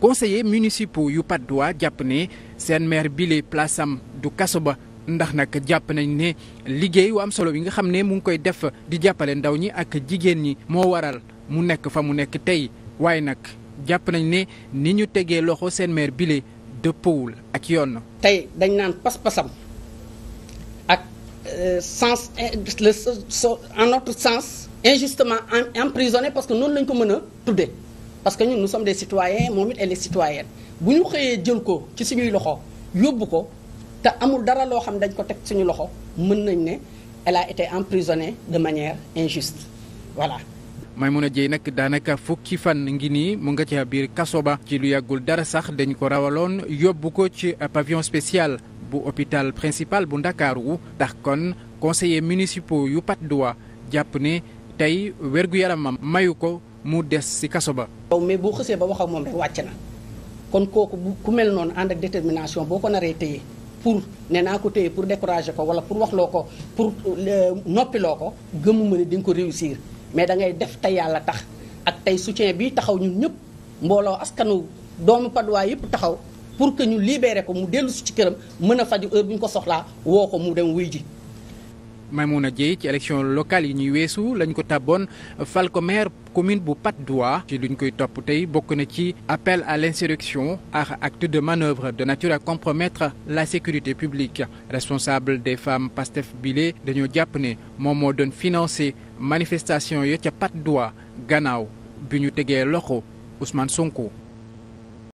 conseillers municipaux yu Patte d'Oie jàpp ne seen maire bile place du kaso ba ndax nag jàpp nañ ne liggéey wu am solo yi nga xam ne mu ngi koy def di jàppale ndaw ñi ak jigéen ñi moo waral mu nekk fa mu nekk tey waaye nag jàpp nañ ne ni ñu tegee loxo seen maire bile dëppoowul ak yoon. tey dañ naan pas-pasam ak euh, sens le en notre sens injustement emprisonné parce que noonu lañ ko mën a tuddee. parce que ñun nous sommes des citoyens moom it elle est bu ñu xëyee jël ko ci suñuy loxo yóbbu ko te amul dara loo xam dañ ko teg suñu loxo mën nañ ne elle a été emprisonnée de manière injuste voilà. Maimouna Dièye nag daanaka fukki fan ngi nii mu nga ca biir kaso ba ci lu yàggul dara sax dañu ko rawaloon yóbbu ko ci pavion spécial bu hôpital principal bu Ndakaaru ndax kon conseillers municipaux yu Patte d'Oie jàpp ne tey wérgu yaramam mayu ko. mu des ci kaso ba. yow mais boo xësee ba wax ak moom rek wàcc na kon kooku ku mel noonu ànd ak détermination boo ko naree téye pour nee naa ko téye pour décourager ko wala pour wax waxloo ko pour euh, noppiloo ko gëmuma ne di ko réussir mais da ngay def tey yàlla tax ak tey soutien bi taxaw ñun ñëpp mbooloo askanu doomu Padois yëpp taxaw pour que ñu libérer ko mu dellu si ci këram mën a faju heure bu ñu ko soxlaa woo ko mu dem wuy ji. Maimouna Dieye ci élection locale yi ñuy weesu lañ ko taboon fal ko commune bu Patte d'Oie ci luñ koy topp tey bokk na ci appel à l'insurrection ak acte de manœuvre de nature à compromettre la sécurité publique responsable des femmes Pastef bile dañoo jàpp ne moom moo doon financer manifestation ya ca Patte d'Oie gannaaw bi ñu tegee loxo Ousmane Sonko.